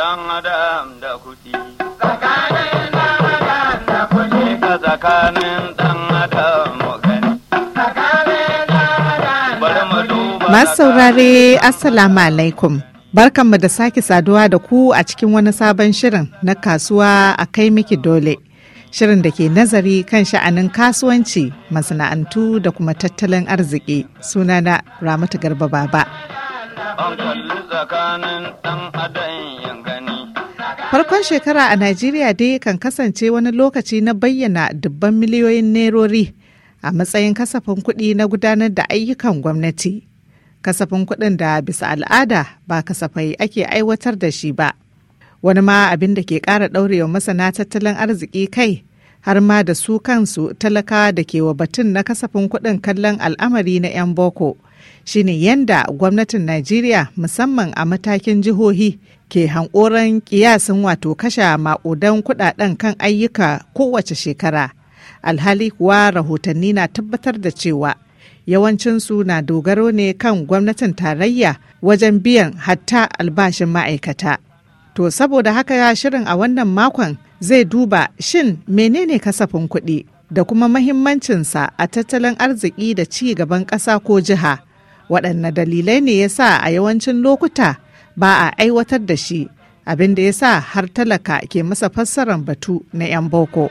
dan adam da kuɗi. Tsakanin dan adam da Masu saurare Assalamu alaikum. Barkanmu da sake saduwa da ku a cikin wani sabon shirin na kasuwa a kai miki dole. Shirin da ke nazari kan sha'anin kasuwanci, masana'antu da kuma tattalin arziki sunana Ramatu Garba Baba. an tsakanin Farkon shekara a Najeriya dai kan kasance wani lokaci na bayyana dubban miliyoyin nerori a matsayin kasafin kuɗi na gudanar da ayyukan gwamnati. Kasafin kuɗin da bisa al'ada ba kasafai ake aiwatar da shi ba. Wani ma abin da ke ƙara ɗaurewa masana tattalin arziki kai har ma da su kansu talakawa da ke wa batun na kasafin kuɗin kallon al'amari na 'yan boko. shine yanda gwamnatin Najeriya musamman a matakin jihohi ke hankoran kiyasin wato kashe maƙudan kudaden kan ayyuka kowace shekara. Alhali kuwa rahotanni na tabbatar da cewa yawancinsu na dogaro ne kan gwamnatin tarayya wajen biyan hatta albashin ma'aikata. To saboda haka ya shirin a wannan makon zai duba shin menene kasafin kuɗi da kuma mahimmancinsa a tattalin arziki da ci gaban ƙasa ko jiha waɗanne dalilai ne ya sa a yawancin lokuta ba a aiwatar da shi abin da ya sa har talaka ke masa fassarar batu na 'yan boko.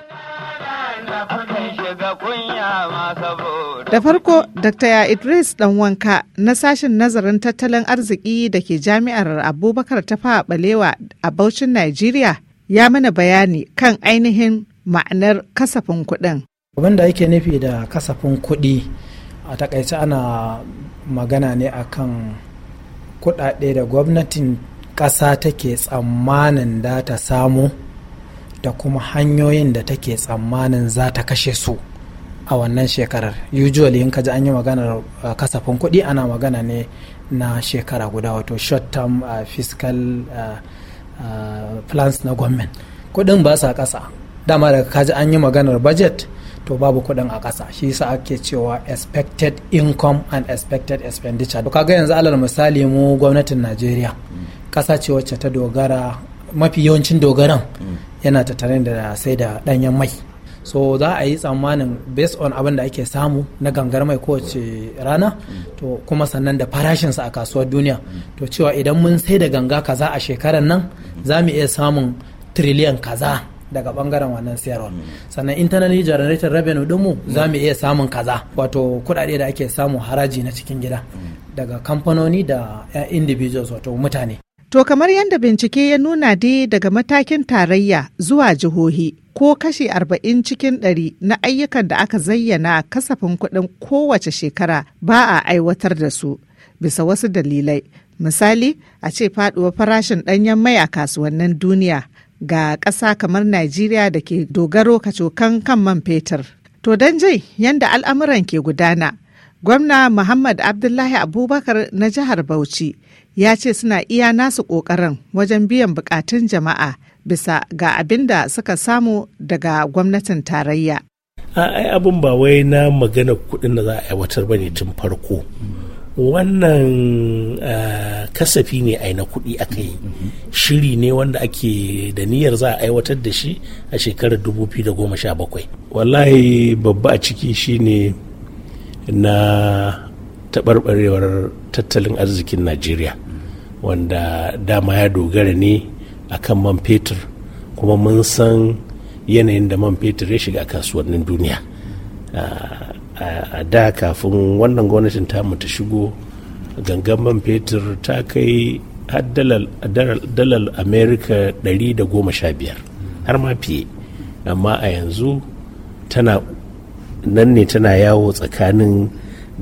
Da farko, Dr. Idris wanka na sashen nazarin tattalin arziki da ke jami'ar Abubakar ta fa Balewa a Bauchin Najeriya ya mana bayani kan ainihin ma'anar kasafin kuɗin. abinda yake nufi da kasafin kuɗi a takaice ana magana ne a kan kuɗaɗe da gwamnatin ƙasa take tsammanin da ta samu da kuma hanyoyin da take tsammanin za ta kashe su a wannan shekarar usually in ka an yi maganar uh, kasafin kuɗi ana magana ne na shekara guda wato short term uh, fiscal uh, uh, plans na government kuɗin ba sa ƙasa dama daga kaji an yi maganar budget to babu kuɗin a kasa shi yasa ake cewa expected income and expected expenditure to kaga yanzu alal misali mu gwamnatin Najeriya ƙasa ce wacce ta dogara mafi yawancin dogaran yana tattare da sai da ɗanyen mai so za a yi tsammanin based on abin da ake samu na gangar mai kowace rana to kuma sannan da farashin sa a kasuwar duniya to cewa idan mun sai da ganga kaza a shekarar nan za mu iya samun triliyan kaza daga bangaren wannan siyarwa sannan internally generated revenue dinmu za mu iya samun kaza wato kuɗaɗe da ake samu haraji na cikin gida daga kamfanoni da individuals wato mutane To kamar yadda bincike ya nuna dai daga matakin tarayya zuwa jihohi ko kashi arba'in cikin 100 na ayyukan da aka zayyana kasafin kuɗin kowace shekara ba a aiwatar da su bisa wasu dalilai. Misali, a ce faɗuwar farashin ɗanyen mai a kasuwannin duniya ga ƙasa kamar Najeriya da ke dogaro kacokan kan man fetur. To don jai yadda al'amuran ke gudana, gwamna Muhammad Abdullahi Abubakar na jihar Bauchi ya ce suna iya nasu ƙoƙarin wajen biyan buƙatun jama'a bisa ga abin da suka samu daga gwamnatin tarayya. Ai abin ba wai na magana kuɗin da za a aiwatar ba ne tun farko. wannan eh, kasafi ne a na kuɗi aka yi shiri ne wanda ake da niyyar za a aiwatar da shi a shekarar 2017 wallahi babba a ciki shine na taɓarɓarewar tattalin arzikin najeriya wanda dama ya dogara ne akan man fetur kuma mun san yanayin da man fetur ya shiga kasuwannin duniya ah, a da kafin wannan gwamnatin ta ta shigo gangan man fetur ta kai dalar amerika 115 har ma fiye amma a yanzu tana nan ne tana yawo tsakanin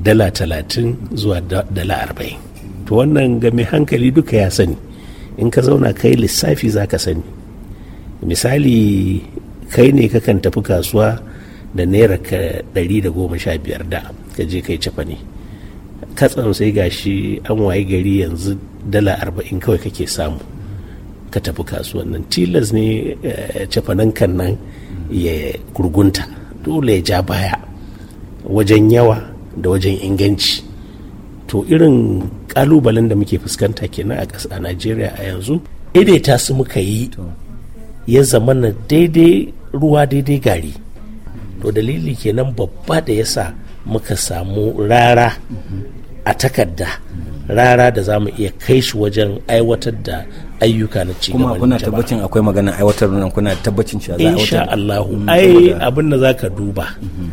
dala talatin zuwa dala arba'in to wannan ga mai hankali duka ya sani in ka zauna kai lissafi za ka sani misali kai ne kakan tafi kasuwa da naira ka ɗari da goma sha biyar da ka je kai cafa ne katsan sai gashi an waye gari yanzu dala arba'in kawai kake samu ka tafi nan tilas ne eh, cafanan kan nan ya gurgunta dole ya ja baya wajen yawa da wajen inganci to irin kalubalen da muke fuskanta kenan a ƙasa najeriya a yanzu daidaita su muka yi ya zama na daidai ruwa daidai gari to dalili kenan babba da yasa muka samu rara a takarda rara da za mu iya kai shi wajen aiwatar da ayyuka na ci kuma kuna tabbacin akwai magana aiwatar nan kuna tabbacin cewa za a insha Allah mm-hmm. ai abin da zaka duba mm-hmm.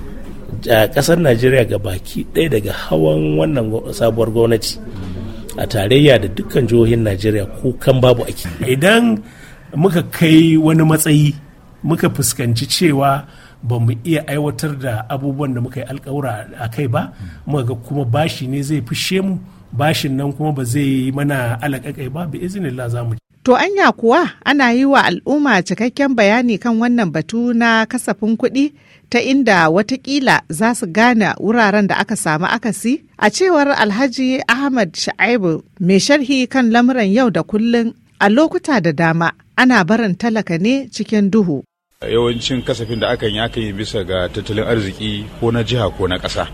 a kasar Najeriya ga baki ɗaya daga hawan wannan sabuwar gwamnati a tarayya da dukkan jihohin Najeriya ko kan babu ake idan muka kai wani matsayi muka fuskanci cewa ba mu iya aiwatar da abubuwan da muka yi alkawura a kai ba muka ga kuma bashi ne zai fishe mu bashin nan kuma ba zai yi mana alaƙaƙai ba bi izinillah za mu To anya kuwa ana yi wa al'umma cikakken bayani kan wannan batu na kasafin kuɗi ta inda watakila za su gane wuraren da aka samu akasi? A cewar Alhaji Ahmad Sha'ibu mai sharhi kan lamuran yau da kullun a lokuta da dama ana barin talaka ne cikin duhu yawancin kasafin da aka yi aka yi bisa ga tattalin arziki ko na jiha ko na ƙasa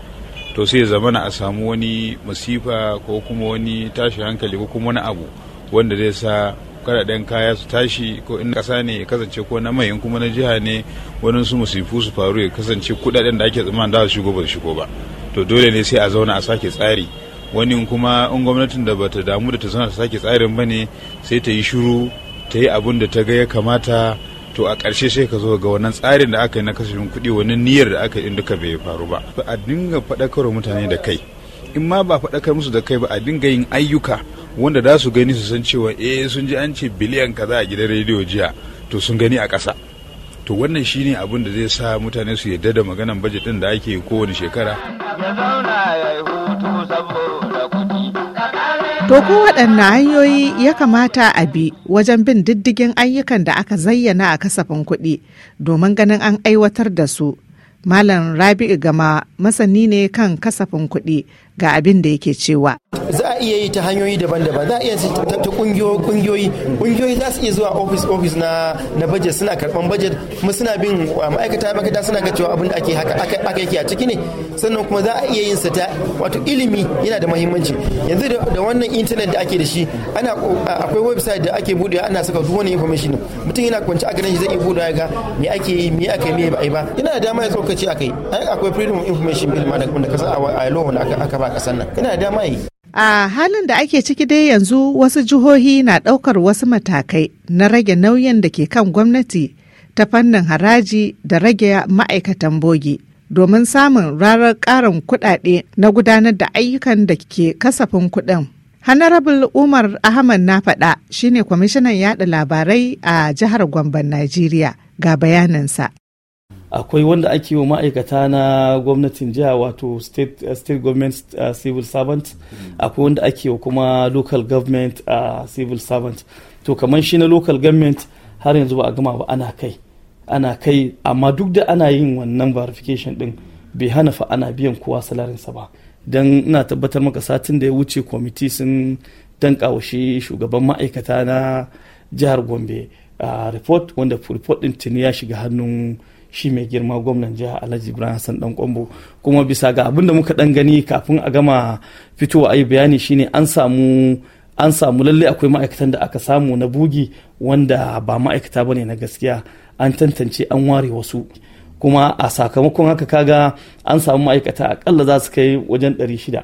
to sai zamana a samu wani masifa ko kuma wani tashi hankali ko kuma wani abu wanda zai sa kadaden kaya su tashi ko in ƙasa ne ya kasance ko na mai in kuma na jiha ne wani su musifu su faru ya kasance kuɗaɗen da ake tsammanin da su shigo ba shigo ba to dole ne sai a zauna a sake tsari wani kuma in gwamnatin da bata damu da ta zauna ta sake tsarin ba ne sai ta yi shiru ta yi abun da ta ga ya kamata to a ƙarshe sai ka zo ga wannan tsarin da aka yi na kasafin kuɗi wani niyyar da aka yi duka bai faru ba a dinga faɗakar mutane da kai in ma ba faɗakar musu da kai ba a dinga yin ayyuka wanda za su gani su san cewa eh sun ji an ce biliyan kaza a gidan rediyo jiya to sun gani a ƙasa to wannan shine abin da zai sa mutane su yarda da maganan bajet ɗin da ake yi kowane shekara ya zauna ya hutu saboda To ko waɗanne hanyoyi ya kamata a bi wajen bin diddigin ayyukan da aka zayyana a kasafin kuɗi domin ganin an aiwatar da su. Malam Rabi'u Gama masani ne kan kasafin kuɗi ga abin da yake cewa. iya yi ta hanyoyi daban-daban za a iya ta kungiyoyi kungiyoyi za su iya zuwa office office na na budget suna karban budget kuma suna bin ma'aikata ma'aikata suna ga cewa abin da ake haka aka yake a ciki ne sannan kuma za a iya yin sa ta wato ilimi yana da muhimmanci yanzu da wannan internet da ake da shi ana akwai website da ake bude ana saka duk wani information mutum yana kwanci a ganin shi zai iya budewa ga me ake yi me aka yi me ba ai ba yana da dama ya tsokaci akai akwai freedom of information bill ma da kasan a law da aka ba kasan nan yana da dama yi A halin da ake ciki dai yanzu wasu jihohi na ɗaukar wasu matakai na rage nauyin da ke kan gwamnati ta fannin haraji da rage ma'aikatan bogi domin samun rarar ƙarin kuɗaɗe na gudanar da ayyukan da ke kasafin kuɗin. Honorable Umar Ahmad na faɗa shine kwamishinan yada labarai a jihar Gombe, Najeriya ga bayaninsa. akwai wanda ake wa ma'aikata na gwamnatin jiha wato state, eh, state government uh, civil servant mm. akwai wanda ake wa kuma local government uh, civil servant to kamar shi na local government har yanzu ba a gama ba ana kai ana kai amma duk da ana yin wannan verification din bai hana fa ana biyan kowa salarinsa ba don ina tabbatar maka satin da ya wuce kwamiti sun danka shi shugaban ma'aikata na jihar gombe a report wanda report din tuni ya shiga hannun shi mai girma gwamnan jiha alhaji ibrahim hassan dan kwambo kuma bisa ga abin da muka dan gani kafin a gama fitowa a yi bayani shine an samu an samu lallai akwai ma'aikatan da aka samu na bugi wanda ba ma'aikata ba ne na gaskiya an tantance an ware wasu kuma a sakamakon haka kaga an samu ma'aikata akalla za su kai wajen 600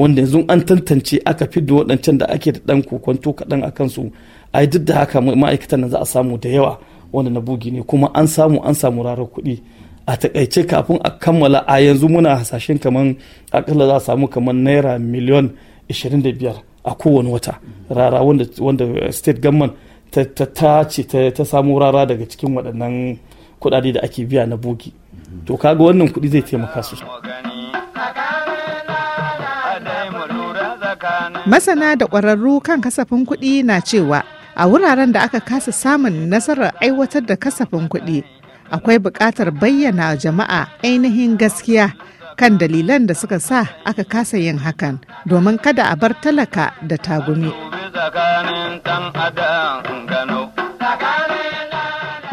wanda yanzu an tantance aka fidda waɗancan da ake da ɗan kokonto kaɗan a kansu a duk da haka ma'aikatan nan za a samu da yawa wanda na bugi ne kuma an samu an samu rarar kuɗi a takaice kafin a kammala a yanzu muna hasashen kamar akalla za a samu kamar naira miliyon 25 a kowane wata rara wanda, wanda state government ta, ta, ce ta, samu rara daga cikin waɗannan kuɗaɗe da ake biya na bugi to kaga wannan kuɗi zai taimaka su masana da ƙwararru kan kasafin kuɗi na cewa a wuraren da aka kasa samun nasarar aiwatar da kasafin kuɗi akwai buƙatar bayyana jama'a ainihin gaskiya kan dalilan da suka sa aka kasa yin hakan domin kada a bar talaka da tagumi.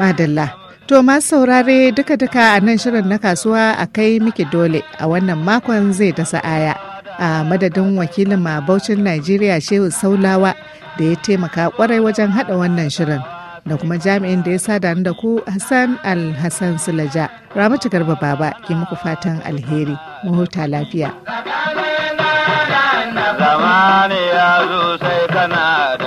Madalla. To masu saurare duka-duka a nan shirin na kasuwa a kai miki dole a wannan makon zai dasa aya. A madadin wakilin ma Bauchin Najeriya Shehu Saulawa da ya taimaka kwarai wajen haɗa wannan shirin da kuma jami'in da ya sada da ku Hassan Al-Hassan Sulaja. Ramatu Garba Baba ke muku fatan alheri, mu lafiya. Zamani ya zo sai kana